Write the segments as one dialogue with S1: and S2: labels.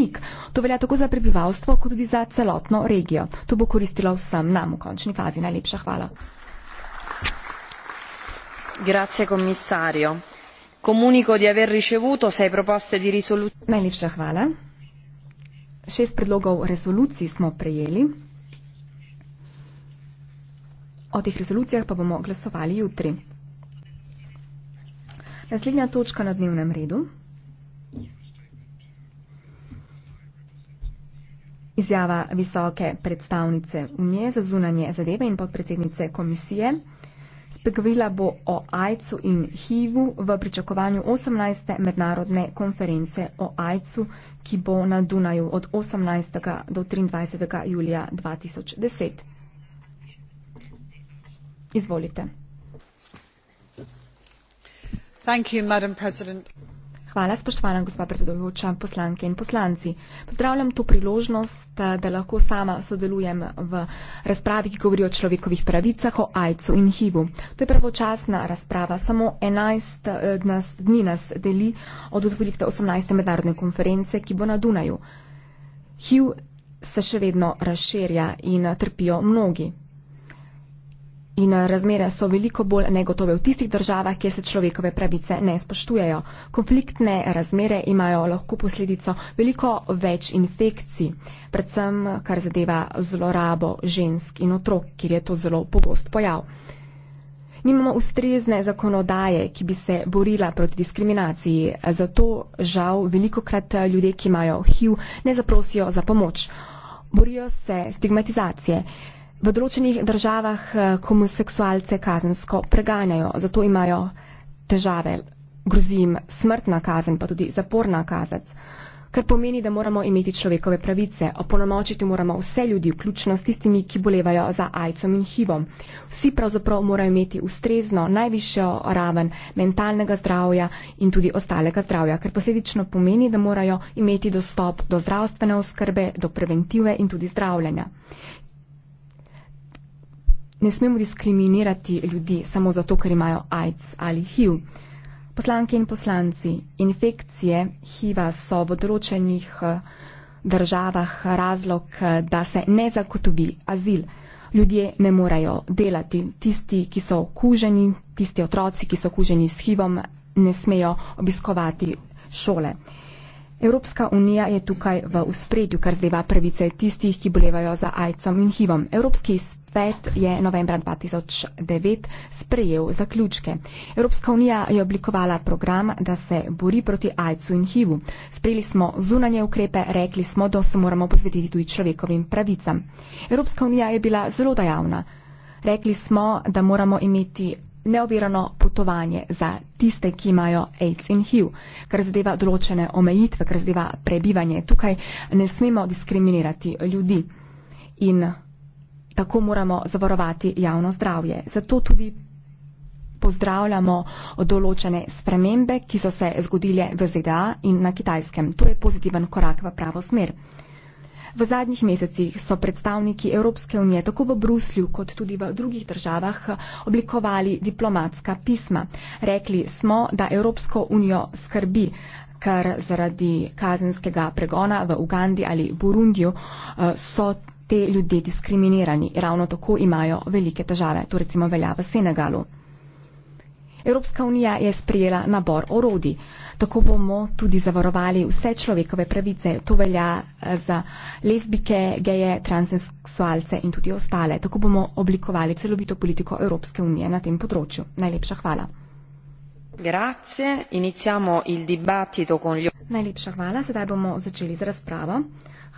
S1: odmik. To velja tako za prebivalstvo, kot tudi za celotno regijo. To bo koristilo vsem nam v končni fazi. Najlepša hvala. Grazie, komisarjo.
S2: Komuniko di aver ricevuto sei proposte di risoluzione.
S1: Najlepša hvala. Šest predlogov rezolucij smo prejeli. O teh rezolucijah pa bomo glasovali jutri. Naslednja točka na dnevnem redu. Izjava visoke predstavnice unije za zunanje zadeve in podpredsednice komisije. Spregovila bo o AIDS-u in HIV-u v pričakovanju 18. mednarodne konference o AIDS-u, ki bo na Dunaju od 18. do 23. julija 2010. Izvolite.
S2: Thank you, Madam President.
S1: Hvala, spoštovana gospa predsedujoča, poslanke in poslanci. Pozdravljam to priložnost, da lahko sama sodelujem v razpravi, ki govori o človekovih pravicah, o AIDS-u in HIV-u. To je pravočasna razprava, samo 11 eh, nas, dni nas deli od otvoritve 18. mednarodne konference, ki bo na Dunaju. HIV se še vedno razširja in trpijo mnogi. In eh, razmere so veliko bolj negotove v tistih državah, kjer se človekove pravice ne spoštujejo. Konfliktne razmere imajo lahko posledico veliko več infekcij, predvsem kar zadeva zlorabo žensk in otrok, kjer je to zelo pogost pojav. Nimamo ustrezne zakonodaje, ki bi se borila proti diskriminaciji, zato žal veliko krat eh, ljudje, ki imajo HIV, ne zaprosijo za pomoč. Borijo se stigmatizacije. V določenih državah eh, homoseksualce kazensko preganjajo, zato imajo težave, grozi jim smrtna kazen, pa tudi zaporna kazac, kar pomeni, da moramo imeti človekove pravice, opolnomočiti moramo vse ljudi, vključno s tistimi, ki bolevajo za ajcom in hivom. Vsi pravzaprav morajo imeti ustrezno najvišjo raven mentalnega zdravja in tudi ostalega zdravja, kar posledično pomeni, da morajo imeti dostop do zdravstvene oskrbe, do preventive in tudi zdravljenja ne smemo diskriminirati ljudi samo zato, ker imajo AIDS ali HIV. Poslanke in poslanci, infekcije HIV-a so v odročenih eh, državah razlog, eh, da se ne zagotovi azil. Ljudje ne morejo delati. Tisti, ki so okuženi, tisti otroci, ki so okuženi s HIV-om, ne smejo obiskovati šole. Evropska unija je tukaj v uspredju, kar zdeva pravice tistih, ki bolevajo za AIDS-om in HIV-om. Evropski svet je novembra 2009 sprejel zaključke. Evropska unija je oblikovala program, da se bori proti AIDS-u in HIV-u. Sprejeli smo zunanje ukrepe, rekli smo, da se moramo posvetiti tudi človekovim pravicam. Evropska unija je bila zelo dejavna. Rekli smo, da moramo imeti neovirano potovanje za tiste, ki imajo AIDS in HIV, kar zadeva določene omejitve, kar zadeva prebivanje. Tukaj ne smemo diskriminirati ljudi. In tako moramo zavarovati javno zdravje. Zato tudi pozdravljamo določene spremembe, ki so se zgodile v ZDA in na kitajskem. To je pozitiven korak v pravo smer. V zadnjih mesecih so predstavniki Evropske unije tako v Bruslju kot tudi v drugih državah oblikovali diplomatska pisma. Rekli smo, da Evropsko unijo skrbi, ker zaradi kazenskega pregona v Ugandi ali Burundiju eh, so te ljudje diskriminirani. Ravno tako imajo velike težave. To recimo velja v Senegalu. Evropska unija je sprijela nabor orodij. Tako bomo tudi zavarovali vse človekove pravice. To velja eh, za lesbike, geje, transseksualce in tudi ostale. Tako bomo oblikovali celovito politiko Evropske unije na tem področju. Najlepša hvala. Grazie. Iniziamo il dibattito con gli... Najlepša hvala. Sedaj bomo začeli z razpravo.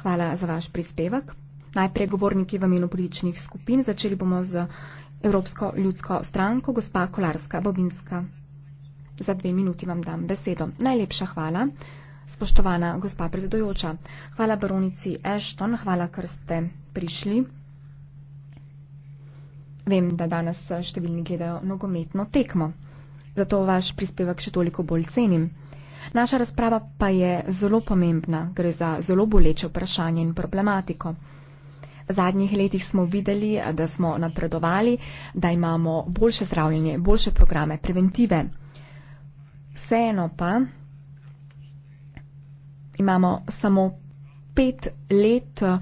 S1: Hvala za vaš prispevek najprej govorniki v imenu političnih skupin. Začeli bomo z Evropsko ljudsko stranko, gospa Kolarska Bobinska. Za dve minuti vam dam besedo. Najlepša hvala. Spoštovana gospa predsedujoča, hvala baronici Ashton, hvala, ker ste prišli. Vem, da danes številni gledajo nogometno tekmo, zato vaš prispevek še toliko bolj cenim. Naša razprava pa je zelo pomembna, gre za zelo boleče vprašanje in problematiko. V zadnjih letih smo videli, da smo napredovali, da imamo boljše zdravljenje, boljše programe, preventive. Vseeno pa imamo samo pet let eh,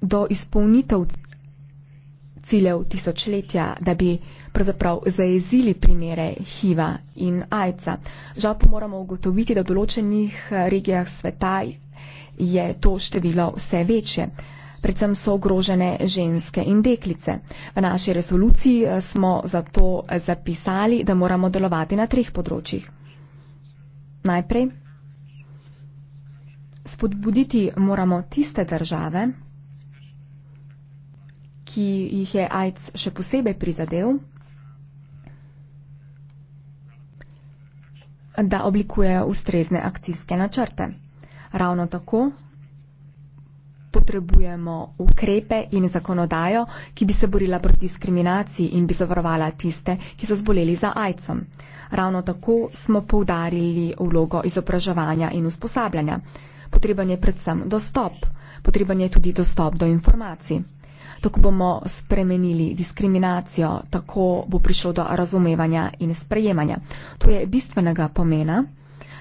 S1: do izpolnitev ciljev tisočletja, da bi pravzaprav zaezili primere HIV-a in AIDS-a. Žal pa moramo ugotoviti, da v določenih eh, regijah sveta je to število vse večje. Predvsem so ogrožene ženske in deklice. V naši resoluciji eh, smo zato eh, zapisali, da moramo delovati na treh področjih. Najprej. Spodbuditi moramo tiste države, ki jih je AIDS še posebej prizadel, da oblikujejo ustrezne akcijske načrte ravno tako potrebujemo ukrepe in zakonodajo, ki bi se borila proti diskriminaciji in bi zavarovala tiste, ki so zboleli za AIDS-om. Ravno tako smo poudarili vlogo izobraževanja in usposabljanja. Potreben je predvsem dostop, potreben je tudi dostop do informacij. Tako bomo spremenili diskriminacijo, tako bo prišlo do razumevanja in sprejemanja. To je bistvenega pomena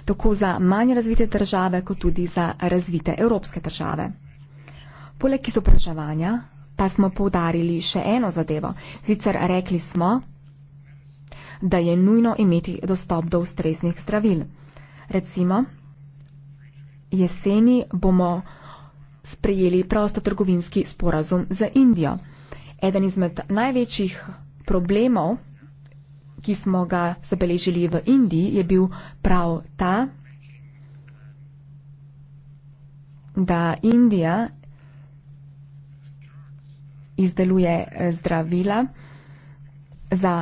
S1: tako za manj razvite države, kot tudi za razvite evropske države. Poleg izobraževanja pa smo poudarili še eno zadevo. Sicer rekli smo, da je nujno imeti dostop do ustreznih zdravil. Recimo, jeseni bomo sprejeli prostotrgovinski sporazum z Indijo. Eden izmed največjih problemov, ki smo ga zabeležili v Indiji, je bil prav ta, da Indija izdeluje eh, zdravila za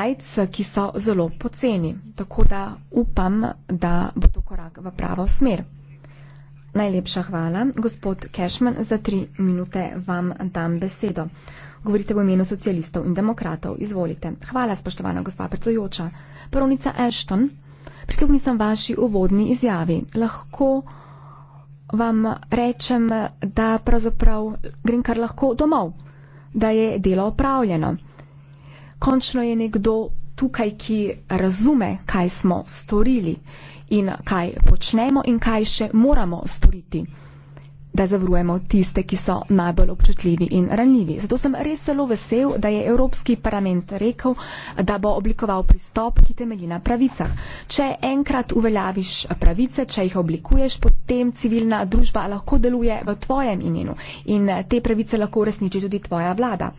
S1: AIDS, ki so zelo poceni. Tako da upam, da bo to korak v pravo smer. Najlepša hvala, gospod Cashman, za tri minute vam dam besedo. Govorite v imenu socialistov in demokratov. Izvolite. Hvala, spoštovana gospa predsedujoča. Pravnica Ashton, prisluhnil sem vaši uvodni izjavi. Lahko vam rečem, da pravzaprav grem kar lahko domov, da je delo opravljeno. Končno je nekdo tukaj, ki razume, kaj smo storili in kaj počnemo in kaj še moramo storiti da zavrujemo tiste, ki so najbolj občutljivi in ranljivi. Zato sem res zelo vesel, da je Evropski parlament rekel, da bo oblikoval pristop, ki temelji na pravicah. Če enkrat uveljaviš pravice, če jih oblikuješ, potem civilna družba lahko deluje v tvojem imenu in te pravice lahko uresniči tudi tvoja vlada.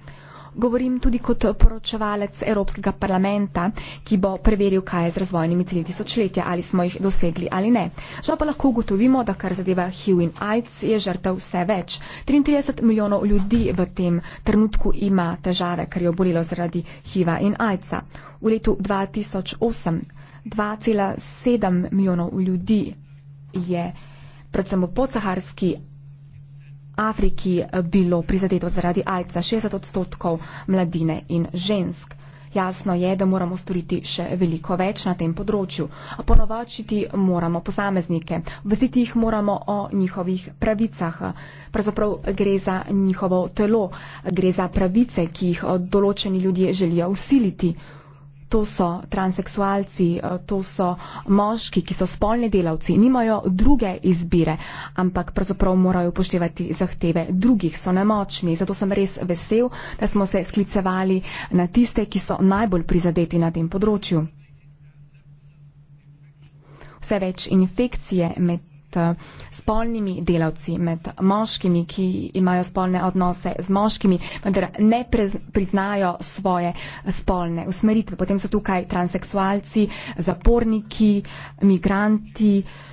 S1: Govorim tudi kot poročevalec Evropskega parlamenta, ki bo preveril, kaj je z razvojnimi cilji tisočletja, ali smo jih dosegli ali ne. Žal pa lahko ugotovimo, da kar zadeva HIV in AIDS je žrtev vse več. 33 milijonov ljudi v tem trenutku ima težave, ker je obolelo zaradi HIV-a in AIDS-a. V letu 2008 2,7 milijonov ljudi je predvsem v podsaharski Afriki eh, bilo prizadeto zaradi AIDS-a 60 odstotkov mladine in žensk. Jasno je, da moramo storiti še veliko več na tem področju. Ponovačiti moramo posameznike, vziti jih moramo o njihovih pravicah. Pravzaprav gre za njihovo telo, gre za pravice, ki jih eh, določeni ljudje želijo usiliti to so transeksualci, eh, to so moški, ki so spolni delavci, nimajo druge izbire, ampak pravzaprav morajo upoštevati zahteve drugih, so nemočni. Zato sem res vesel, da smo se sklicevali na tiste, ki so najbolj prizadeti na tem področju. Vse več infekcije med Eh, spolnimi delavci, med moškimi, ki imajo spolne odnose z moškimi, vendar ne priznajo svoje spolne usmeritve. Potem so tukaj transeksualci, zaporniki, migranti. Uh,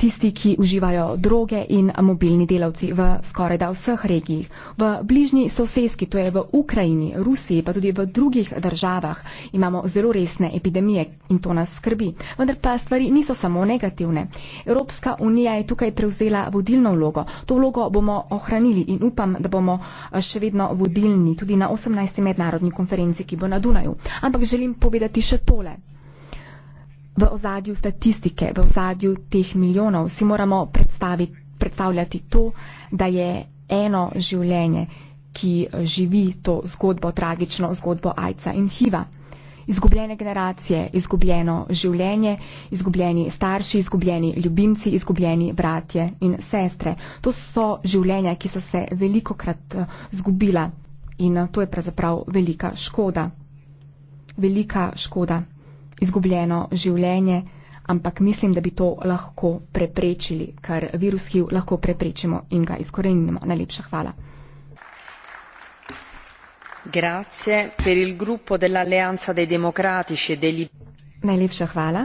S1: tisti, ki uživajo droge in mobilni delavci v skoraj da vseh regijih. V bližnji sosedski, to je v Ukrajini, Rusiji, pa tudi v drugih državah imamo zelo resne epidemije in to nas skrbi. Vendar pa stvari niso samo negativne. Evropska unija je tukaj prevzela vodilno vlogo. To vlogo bomo ohranili in upam, da bomo eh, še vedno vodilni tudi na 18. mednarodni konferenci, ki bo na Dunaju. Ampak želim povedati še tole v ozadju statistike, v ozadju teh milijonov. Vsi moramo predstavljati to, da je eno življenje, ki živi to zgodbo, tragično zgodbo Ajca in Hiva. Izgubljene generacije, izgubljeno življenje, izgubljeni starši, izgubljeni ljubimci, izgubljeni bratje in sestre. To so življenja, ki so se veliko krat eh, zgubila in eh, to je pravzaprav velika škoda. Velika škoda izgubljeno življenje, ampak mislim, da bi to lahko preprečili, ker virus HIV lahko preprečimo in ga izkoreninimo. Najlepša hvala. E Najlepša hvala.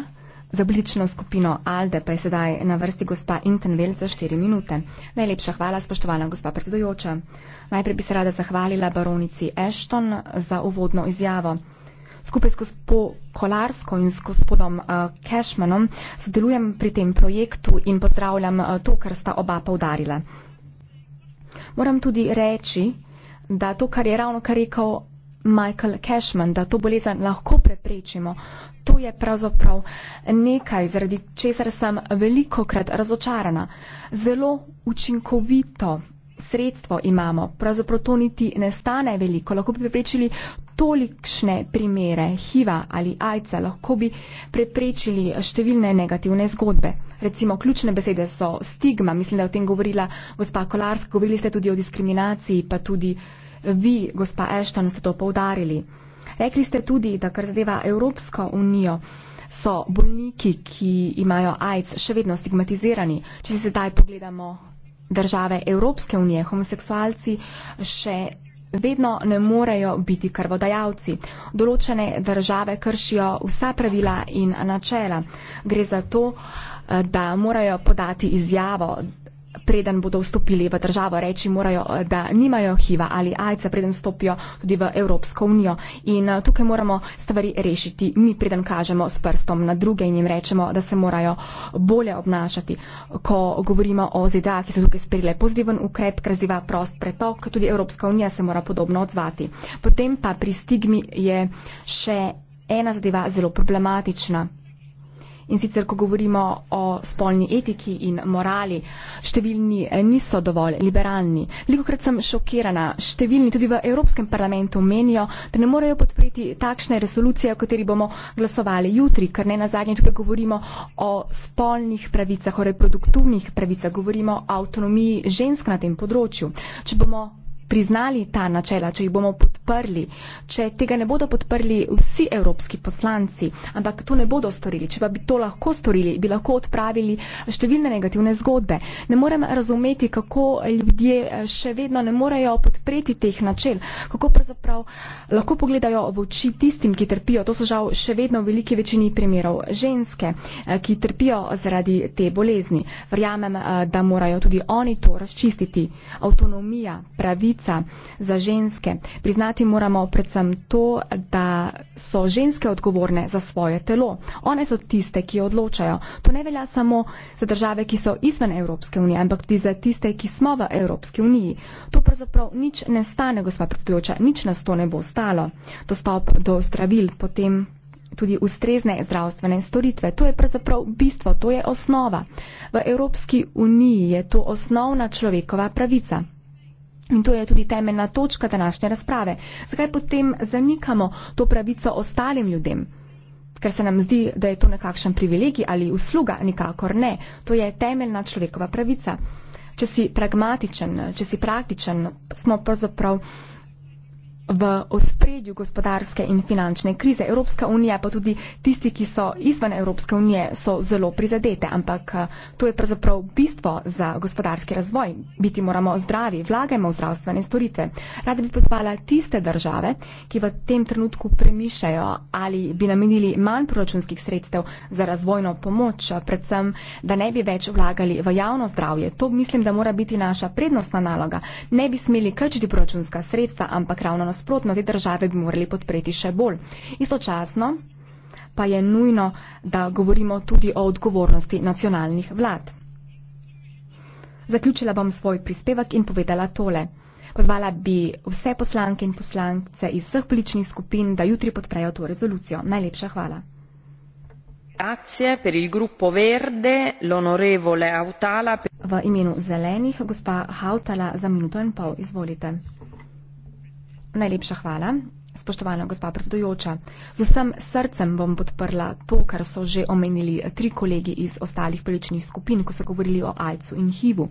S1: Za blično skupino Alde pa je sedaj na vrsti gospa Intenvel za 4 minute. Najlepša hvala, spoštovana gospa predsedujoča. Najprej bi se rada zahvalila baronici Ashton za uvodno izjavo. Skupaj s gospo Kolarsko in z gospodom eh, Cashmanom sodelujem pri tem projektu in pozdravljam eh, to, kar sta oba poudarila. Moram tudi reči, da to, kar je ravno kar rekel Michael Cashman, da to bolezen lahko preprečimo, to je pravzaprav nekaj, zaradi česar sem veliko krat razočarana. Zelo učinkovito sredstvo imamo, pravzaprav to niti ne stane veliko, lahko bi preprečili tolikšne primere HIV-a ali AIDS-a, lahko bi preprečili številne negativne zgodbe. Recimo, ključne besede so stigma, mislim, da je o tem govorila gospa Kolarska, govorili ste tudi o diskriminaciji, pa tudi vi, gospa Ashton, ste to poudarili. Rekli ste tudi, da kar zadeva Evropsko unijo, so bolniki, ki imajo AIDS, še vedno stigmatizirani. Če se sedaj pogledamo države Evropske unije homoseksualci še vedno ne morejo biti krvodajalci. Določene države kršijo vsa pravila in načela. Gre za to, eh, da morajo podati izjavo, preden bodo vstopili v državo, reči morajo, eh, da nimajo HIV-a ali AIDS-a, preden vstopijo tudi v Evropsko unijo. In eh, tukaj moramo stvari rešiti, mi preden kažemo s prstom na druge in jim rečemo, da se morajo bolje obnašati. Ko govorimo o ZDA, ki so tukaj sprile pozitiven ukrep, ker zdiva prost pretok, tudi Evropska unija se mora podobno odzvati. Potem pa pri stigmi je še ena zadeva zelo problematična. In sicer, ko govorimo o spolni etiki in morali, številni eh, niso dovolj liberalni. Velikokrat sem šokirana, številni tudi v Evropskem parlamentu menijo, da ne morejo podpreti takšne resolucije, o kateri bomo glasovali jutri, ker ne na zadnje tukaj govorimo o spolnih pravicah, o reproduktivnih pravicah, govorimo o avtonomiji žensk na tem področju. Če bomo priznali ta načela, če jih bomo podprli, če tega ne bodo podprli vsi evropski poslanci, ampak to ne bodo storili, če pa bi to lahko storili, bi lahko odpravili številne negativne zgodbe. Ne morem razumeti, kako ljudje eh, še vedno ne morejo podpreti teh načel, kako pravzaprav lahko pogledajo v oči tistim, ki trpijo, to so žal še vedno v veliki večini primerov ženske, eh, ki trpijo zaradi te bolezni. Verjamem, eh, da morajo tudi oni to razčistiti. Avtonomija, pravica, pravica za ženske. Priznati moramo predvsem to, da so ženske odgovorne za svoje telo. One so tiste, ki odločajo. To ne velja samo za države, ki so izven Evropske unije, ampak tudi za tiste, ki smo v Evropski uniji. To pravzaprav nič ne stane, gospa predsedujoča, nič nas to ne bo stalo. Dostop do zdravil, potem tudi ustrezne zdravstvene storitve. To je pravzaprav bistvo, to je osnova. V Evropski uniji je to osnovna človekova pravica. In to je tudi temeljna točka današnje razprave. Zakaj potem zanikamo to pravico ostalim ljudem? Ker se nam zdi, da je to nekakšen privilegij ali usluga, nikakor ne. To je temeljna človekova pravica. Če si pragmatičen, če si praktičen, smo pravzaprav v ospredju gospodarske in finančne krize. Evropska unija, pa tudi tisti, ki so izven Evropske unije, so zelo prizadete, ampak eh, to je pravzaprav bistvo za gospodarski razvoj. Biti moramo zdravi, vlagajmo v zdravstvene storitve. Rada bi pozvala tiste države, ki v tem trenutku premišljajo ali bi namenili manj proračunskih sredstev za razvojno pomoč, eh, predvsem, da ne bi več vlagali v javno zdravje. To mislim, da mora biti naša prednostna naloga. Ne bi smeli krčiti proračunska sredstva, ampak ravno nas nasprotno, te države bi morali podpreti še bolj. Istočasno pa je nujno, da govorimo tudi o odgovornosti nacionalnih vlad. Zaključila bom svoj prispevek in povedala tole. Pozvala bi vse poslanke in poslance iz vseh političnih skupin, da jutri podprejo to rezolucijo. Najlepša hvala. V imenu zelenih, gospa Hautala, za minuto in pol, izvolite. Najlepša hvala. Spoštovana gospa predsedujoča, z vsem srcem bom podprla to, kar so že omenili tri kolegi iz ostalih političnih skupin, ko so govorili o AIDS-u in HIV-u.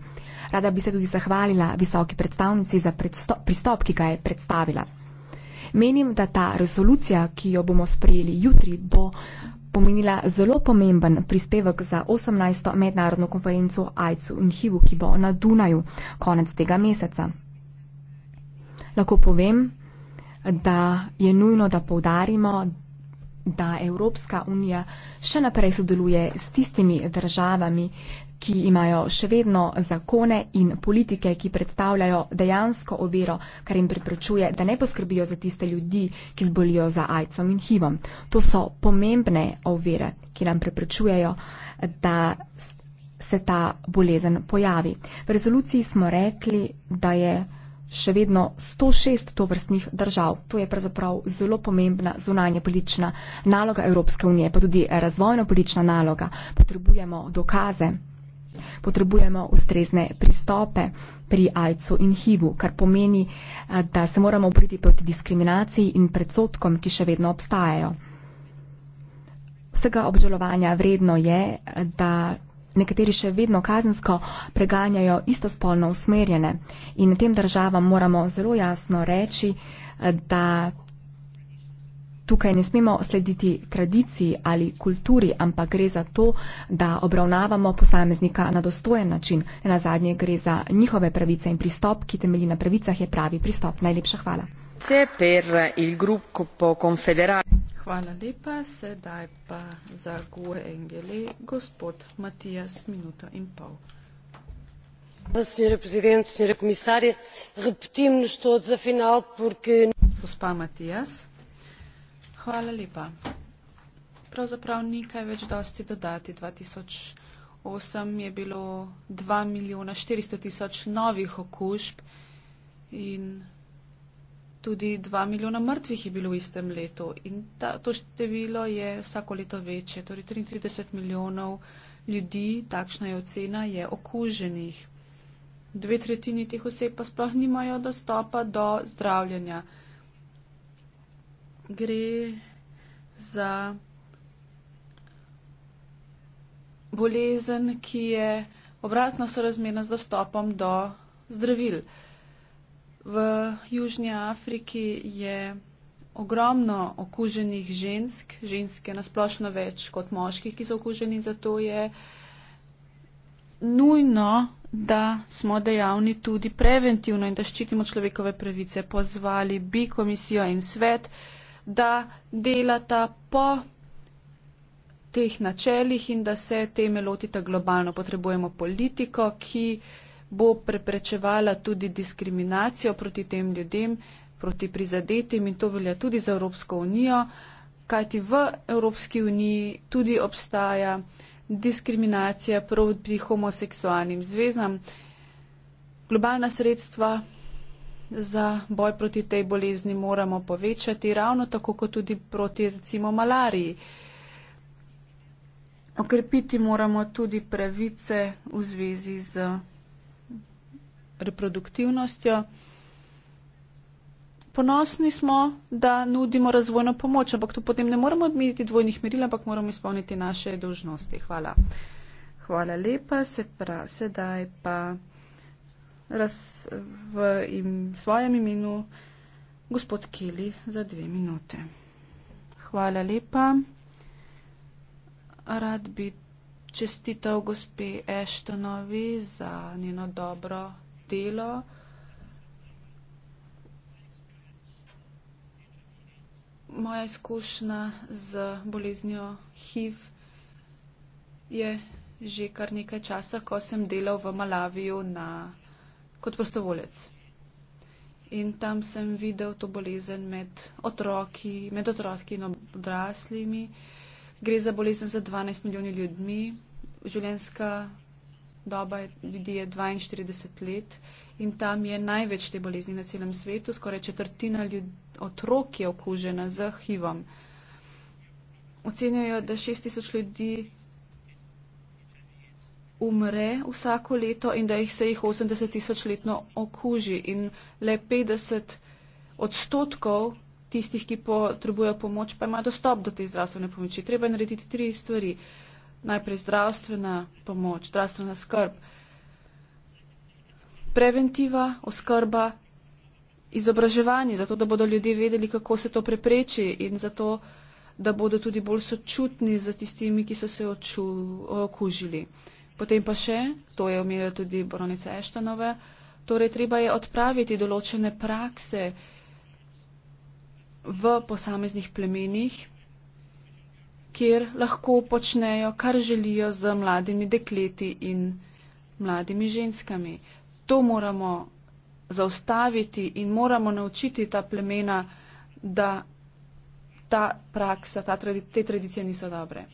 S1: Rada bi se tudi zahvalila visoki predstavnici za pristop, ki ga je predstavila. Menim, da ta resolucija, ki jo bomo sprejeli jutri, bo pomenila zelo pomemben prispevek za 18. mednarodno konferenco o AIDS-u in HIV-u, ki bo na Dunaju konec tega meseca. Lahko povem, da je nujno, da povdarimo, da Evropska unija še naprej sodeluje s tistimi državami, ki imajo še vedno zakone in politike, ki predstavljajo dejansko oviro, kar jim preprečuje, da ne poskrbijo za tiste ljudi, ki zbolijo za ajcom in hivom. To so pomembne ovire, ki nam preprečujejo, da se ta bolezen pojavi. V rezoluciji smo rekli, da je še vedno 106 tovrstnih držav. To je pravzaprav zelo pomembna zunanje politična naloga Evropske unije, pa tudi razvojno politična naloga. Potrebujemo dokaze, potrebujemo ustrezne pristope pri AIDS-u in HIV-u, kar pomeni, eh, da se moramo opriti proti diskriminaciji in predsotkom, ki še vedno obstajajo. Vsega obžalovanja vredno je, eh, da nekateri še vedno kazensko preganjajo istospolno usmerjene. In tem državam moramo zelo jasno reči, da tukaj ne smemo slediti tradiciji ali kulturi, ampak gre za to, da obravnavamo posameznika na dostojen način. Na zadnje gre za njihove pravice in pristop, ki temelji na pravicah, je pravi pristop. Najlepša hvala.
S2: Hvala lepa. Sedaj pa za Gue Engele, gospod Matijas, minuto in pol. Senhora Presidente, Senhora Comissária, repetimos-nos todos afinal porque. Gospa Matias, hvala lepa. Pravzaprav ni kaj več dosti dodati. 2008 je bilo 2 milijona 400 tisoč novih okužb in tudi 2 milijona mrtvih je bilo v istem letu in ta, to število je vsako leto večje, torej 33 milijonov ljudi, takšna je ocena, je okuženih. Dve tretjini teh oseb pa sploh nimajo dostopa do zdravljenja. Gre za bolezen, ki je obratno sorazmerna z dostopom do zdravil. V Južni Afriki je ogromno okuženih žensk, ženske nasplošno več kot moških, ki so okuženi, zato je nujno, da smo dejavni tudi preventivno in da ščitimo človekove pravice. Pozvali bi komisijo in svet, da delata po teh načeljih in da se teme lotita globalno. Potrebujemo politiko, ki bo preprečevala tudi diskriminacijo proti tem ljudem, proti prizadetim in to velja tudi za Evropsko unijo, kajti v Evropski uniji tudi obstaja diskriminacija proti homoseksualnim zvezam. Globalna sredstva za boj proti tej bolezni moramo povečati, ravno tako kot tudi proti recimo malariji. Okrepiti moramo tudi pravice v zvezi z reproduktivnostjo. Ponosni smo, da nudimo razvojno pomoč, ampak tu potem ne moramo odmiriti dvojnih meril, ampak moramo izpolniti naše dožnosti. Hvala. Hvala lepa, se pravi, sedaj pa raz, v im, svojem imenu gospod Keli za dve minute. Hvala lepa. Rad bi čestital gospe Eštonovi za njeno dobro delo. Moja izkušnja z boleznjo HIV je že kar nekaj časa, ko sem delal v Malaviju na, kot prostovolec. In tam sem videl to bolezen med otroki, med otroki in odraslimi. Gre za bolezen za 12 milijoni ljudmi. Življenska doba je, ljudi je 42 let in tam je največ te bolezni na celem svetu, skoraj četrtina ljud, otrok je okužena z HIV-om. Ocenjajo, da 6000 ljudi umre vsako leto in da jih se jih 80 tisoč letno okuži in le 50 odstotkov tistih, ki potrebujejo pomoč, pa ima dostop do te zdravstvene pomoči. Treba narediti tri stvari. Uh, najprej zdravstvena pomoč, zdravstvena skrb, preventiva, oskrba, izobraževanje, zato da bodo ljudje vedeli, kako se to prepreči in zato, da bodo tudi bolj sočutni za tistimi, ki so se oču, okužili. Potem pa še, to je omenila tudi bronica Eštanove, torej treba je odpraviti določene prakse v posameznih plemenih, kjer lahko počnejo, kar želijo z mladimi dekleti in mladimi ženskami. To moramo zaustaviti in moramo naučiti ta plemena, da ta praksa, ta tradi te tradicije niso dobre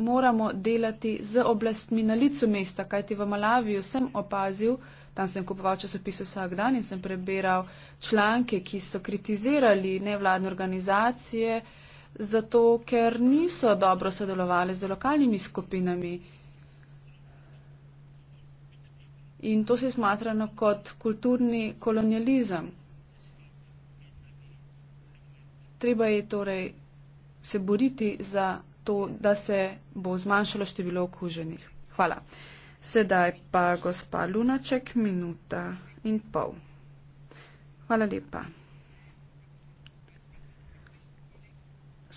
S2: moramo delati z oblastmi na licu mesta, kajti v Malaviju sem opazil, tam sem kupoval časopise vsak dan in sem prebiral članke, ki so kritizirali nevladne organizacije, zato ker niso dobro sodelovali z lokalnimi skupinami. In to se je smatrano kot kulturni kolonializem. Treba je torej se boriti za to, da se bo zmanjšalo število okuženih. Hvala. Sedaj pa gospa Lunaček, minuta in pol. Hvala lepa.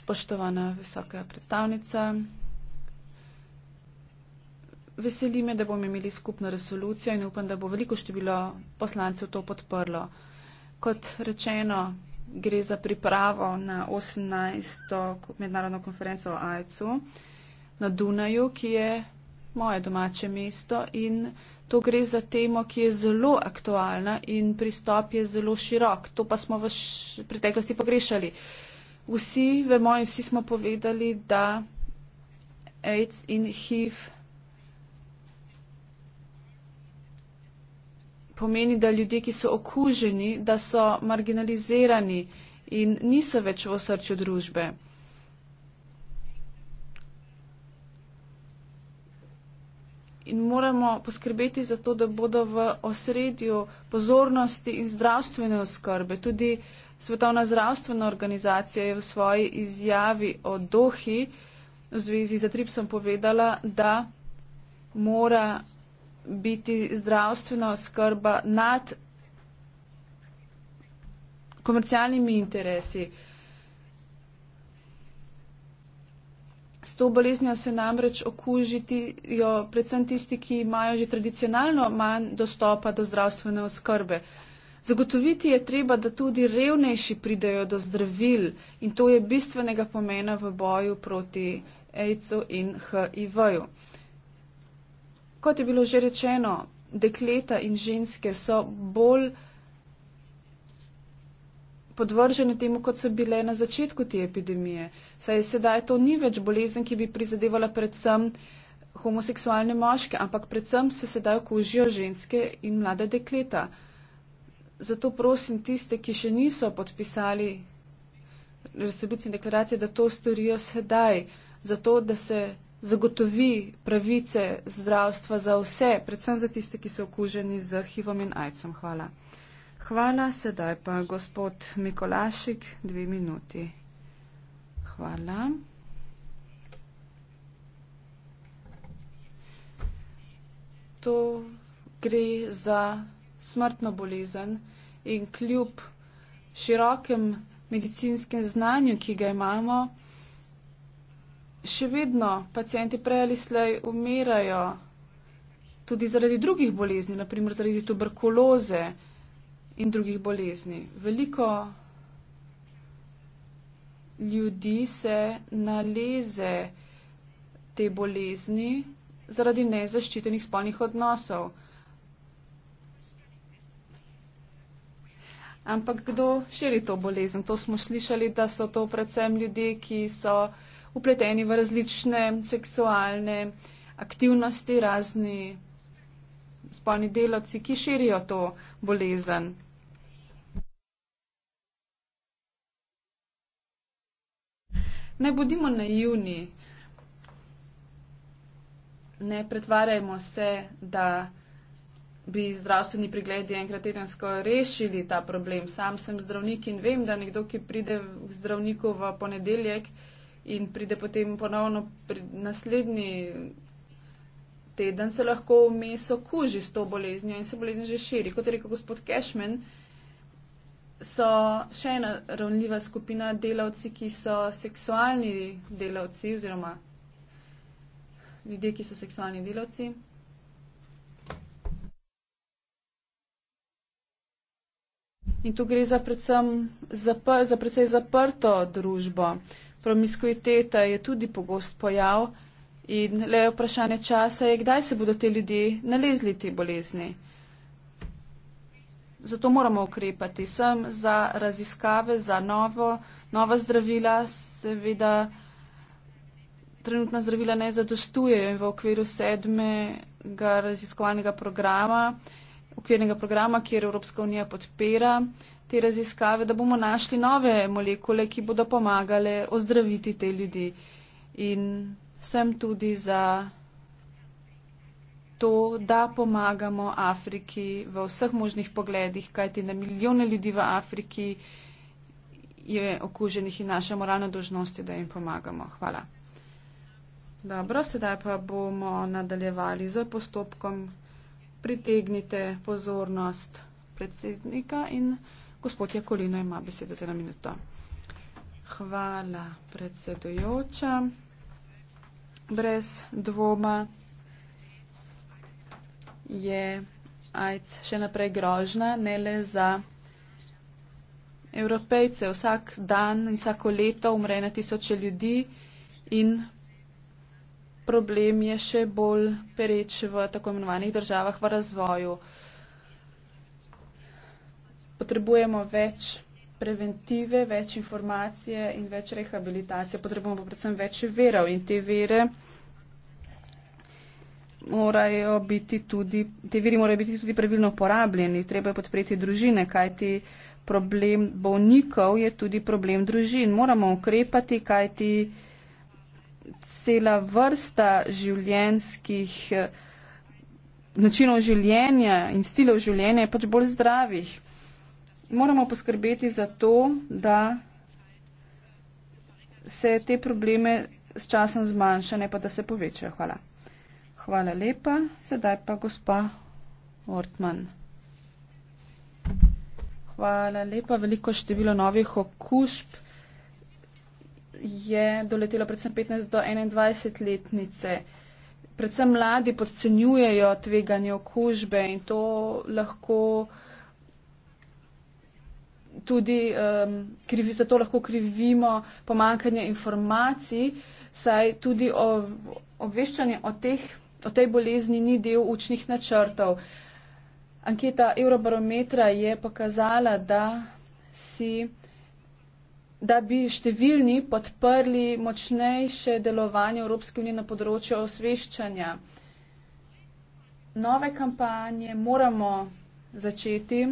S2: Spoštovana visoka predstavnica, veseli me, da bomo imeli skupno resolucijo in upam, da bo veliko število poslancev to podprlo. Kot rečeno, gre za pripravo na 18. mednarodno konferenco o AIDS-u na Dunaju, ki je moje domače mesto in to gre za temo, ki je zelo aktualna in pristop je zelo širok. To pa smo v preteklosti pogrešali. Vsi vemo in vsi smo povedali, da AIDS in HIV pomeni, da ljudje, ki so okuženi, da so marginalizirani in niso več v srcu družbe. In moramo poskrbeti za to, da bodo v osredju pozornosti in zdravstvene oskrbe. Tudi Svetovna zdravstvena organizacija je v svoji izjavi o Dohi v zvezi z atripsom povedala, da mora biti zdravstvena oskrba nad komercialnimi interesi. S to boleznjo se namreč okužijo predvsem tisti, ki imajo že tradicionalno manj dostopa do zdravstvene oskrbe. Zagotoviti je treba, da tudi revnejši pridejo do zdravil in to je bistvenega pomena v boju proti AIDS-u in HIV-ju kot je bilo že rečeno, dekleta in ženske so bolj podvržene temu, kot so bile na začetku te epidemije. Saj sedaj to ni več bolezen, ki bi prizadevala predvsem homoseksualne moške, ampak predvsem se sedaj okužijo ženske in mlade dekleta. Zato prosim tiste, ki še niso podpisali resolucije in deklaracije, da to storijo sedaj, zato da se zagotovi pravice zdravstva za vse, predvsem za tiste, ki so okuženi z HIV-om in AIDS-om. Hvala. Hvala, sedaj pa gospod Mikolašik, dve minuti. Hvala. To gre za smrtno bolezen in kljub širokem medicinskem znanju, ki ga imamo, še vedno pacijenti prej ali slej umirajo tudi zaradi drugih bolezni, naprimer zaradi tuberkuloze in drugih bolezni. Veliko ljudi se naleze te bolezni zaradi nezaščitenih spolnih odnosov. Ampak kdo širi to bolezen? To smo slišali, da so to predvsem ljudje, ki so upleteni v različne seksualne aktivnosti, razni spolni deloci, ki širijo to bolezen. Ne bodimo naivni, ne pretvarjajmo se, da bi zdravstveni pregledi enkrat tedensko rešili ta problem. Sam sem zdravnik in vem, da nekdo, ki pride k zdravniku v ponedeljek, in pride potem ponovno naslednji teden, se lahko vmes okuži s to boleznjo in se bolezen že širi. Kot je rekel gospod Cashman, so še ena ravnljiva skupina delavci, ki so seksualni delavci oziroma ljudje, ki so seksualni delavci. In tu gre za predvsem zapr, za precej zaprto družbo promiskuiteta je tudi pogost pojav in le vprašanje časa je, kdaj se bodo te ljudi nalezli te bolezni. Zato moramo ukrepati. Sem za raziskave, za novo, nova zdravila, seveda trenutna zdravila ne zadostujejo in v okviru sedmega raziskovalnega programa, okvirnega programa, kjer Evropska unija podpira te raziskave, da bomo našli nove molekule, ki bodo pomagale ozdraviti te ljudi. In sem tudi za to, da pomagamo Afriki v vseh možnih pogledih, kajti na milijone ljudi v Afriki je okuženih in naša moralna dožnost je, da jim pomagamo. Hvala. Dobro, sedaj pa bomo nadaljevali z postopkom. Pritegnite pozornost predsednika in. Gospod Jakolino ima besedo za eno minuto. Hvala, predsedujoča. Brez dvoma je AIDS še naprej grožna, ne le za Evropejce. Vsak dan in vsako leto umre na tisoče ljudi in problem je še bolj pereč v tako imenovanih državah v razvoju potrebujemo več preventive, več informacije in več rehabilitacije. Potrebujemo pa predvsem več verov in te vere morajo biti tudi, te veri morajo biti tudi pravilno porabljeni. Treba je podpreti družine, kajti problem bolnikov je tudi problem družin. Moramo ukrepati, kajti cela vrsta življenskih eh, načinov življenja in stilov življenja je pač bolj zdravih moramo poskrbeti za to, da se te probleme s časom zmanjša, ne pa da se povečajo. Hvala. Hvala lepa. Sedaj pa gospa Ortman. Hvala lepa. Veliko število novih okužb je doletelo predvsem 15 do 21 letnice. Predvsem mladi podcenjujejo tveganje okužbe in to lahko tudi um, krivi, za to lahko krivimo pomankanje informacij, saj tudi o, obveščanje o, teh, o tej bolezni ni del učnih načrtov. Anketa Eurobarometra je pokazala, da, si, da bi številni podprli močnejše delovanje Evropske unije na področju osveščanja. Nove kampanje moramo začeti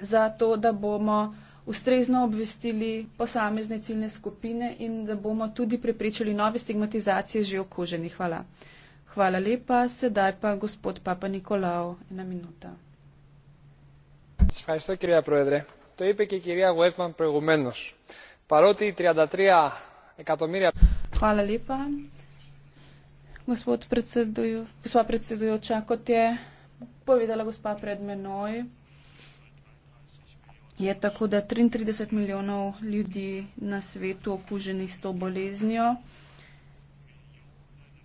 S2: za to, da bomo ustrezno obvestili posamezne ciljne skupine in da bomo tudi preprečili nove stigmatizacije že okužene. Hvala. Hvala lepa. Sedaj pa gospod Papa Nikolao. Ena minuta. Ευχαριστώ κυρία Πρόεδρε. Το είπε και η κυρία Γουέφμαν προηγουμένω. Παρότι 33 εκατομμύρια. Χαλά λίπα. Γουσπότ Πρετσέδουιο, Γουσπά Πρετσέδουιο Τσάκοτιε, που είδα λίγο σπά πρέτ με νόη je tako, da 33 milijonov ljudi na svetu okuženi s to boleznijo.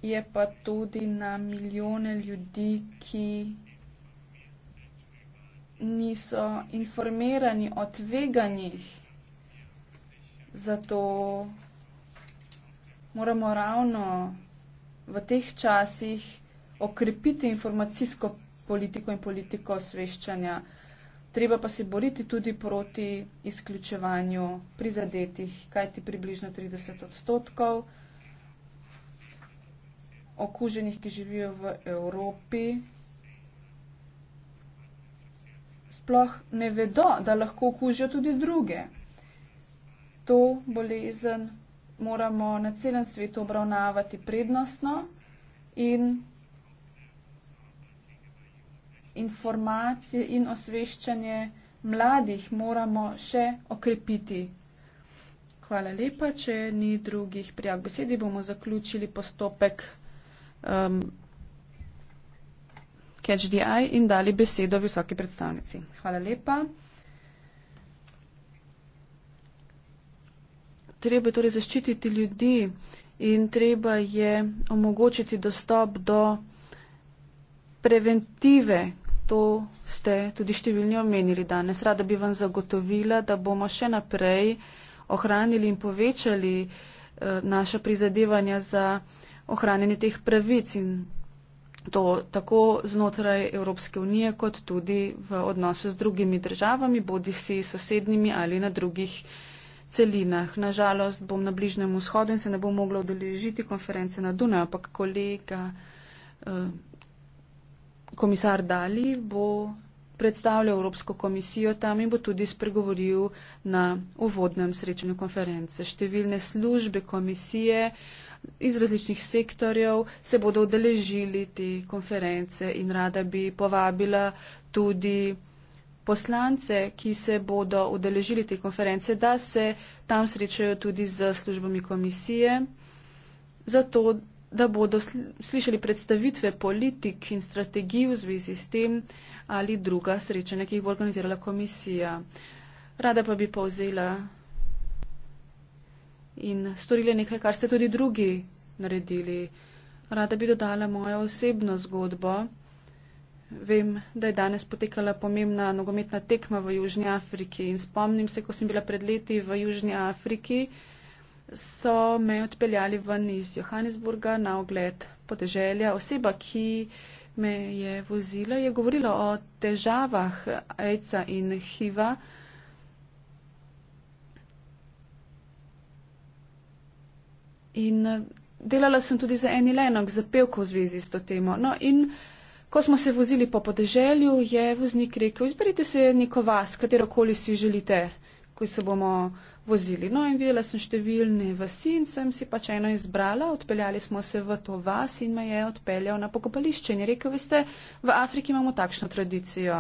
S2: Je pa tudi na milijone ljudi, ki niso informirani o tveganjih. Zato moramo ravno v teh časih okrepiti informacijsko politiko in politiko osveščanja. Treba pa se boriti tudi proti izključevanju prizadetih, kajti približno 30 odstotkov okuženih, ki živijo v Evropi, sploh ne vedo, da lahko okužijo tudi druge. To bolezen moramo na celem svetu obravnavati prednostno in informacije in osveščanje mladih moramo še okrepiti. Hvala lepa. Če ni drugih prijav besedi, bomo zaključili postopek um, Catch the Eye in dali besedo visoki predstavnici. Hvala lepa. Treba je torej zaščititi ljudi in treba je omogočiti dostop do preventive, to ste tudi številni omenili danes. Rada bi vam zagotovila, da bomo še naprej ohranili in povečali eh, naša prizadevanja za ohranjanje teh pravic in to tako znotraj Evropske unije, kot tudi v odnosu z drugimi državami, bodi si sosednjimi ali na drugih celinah. Nažalost, bom na Bližnjem vzhodu in se ne bom mogla odeležiti konference na Dunaju, ampak kolega eh, komisar Dali bo predstavljal Evropsko komisijo tam in bo tudi spregovoril na uvodnem srečanju konference. Številne službe komisije iz različnih sektorjev se bodo udeležili te konference in rada bi povabila tudi poslance, ki se bodo udeležili te konference, da se tam srečajo tudi z službami komisije. Zato, da bodo slišali predstavitve politik in strategij v zvezi s tem ali druga srečanja, ki jih bo organizirala komisija. Rada pa bi povzela in storila nekaj, kar ste tudi drugi naredili. Rada bi dodala mojo osebno zgodbo. Vem, da je danes potekala pomembna nogometna tekma v Južnji Afriki in spomnim se, ko sem bila pred leti v Južnji Afriki so me odpeljali ven iz Johannesburga na ogled podeželja. Oseba, ki me je vozila, je govorila o težavah AIDS-a in HIV-a. In eh, delala sem tudi za eni lenok, za pevko v zvezi s to temo. No, in ko smo se vozili po podeželju, je voznik rekel, izberite se neko vas, katero koli si želite, ko se bomo vozili. No, in videla sem številne vasi in sem si pač eno izbrala, odpeljali smo se v to vas in me je odpeljal na pokopališče. In je rekel, veste, v Afriki imamo takšno tradicijo.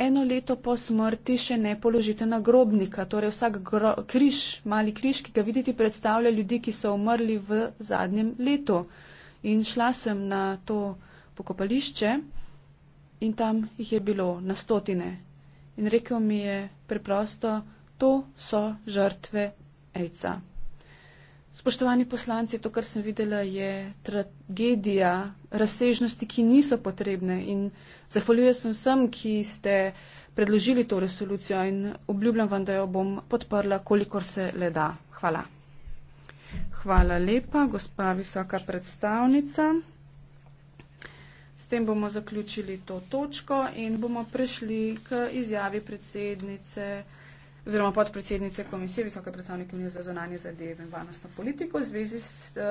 S2: Eno leto po smrti še ne položite na grobnika, torej vsak gro, križ, mali križ, ki ga vidite, predstavlja ljudi, ki so umrli v zadnjem letu. In šla sem na to pokopališče in tam jih je bilo na stotine in rekel mi je preprosto, to so žrtve AIDS-a. Spoštovani poslanci, to, kar sem videla, je tragedija razsežnosti, ki niso potrebne in zahvaljujem sem vsem, ki ste predložili to resolucijo in obljubljam vam, da jo bom podprla, kolikor se le da. Hvala. Hvala lepa, gospa visoka predstavnica. S tem bomo zaključili to točko in bomo prešli k izjavi predsednice oziroma podpredsednice komisije, visoke predstavnike za zonanje zadeve in varnostno politiko v zvezi s.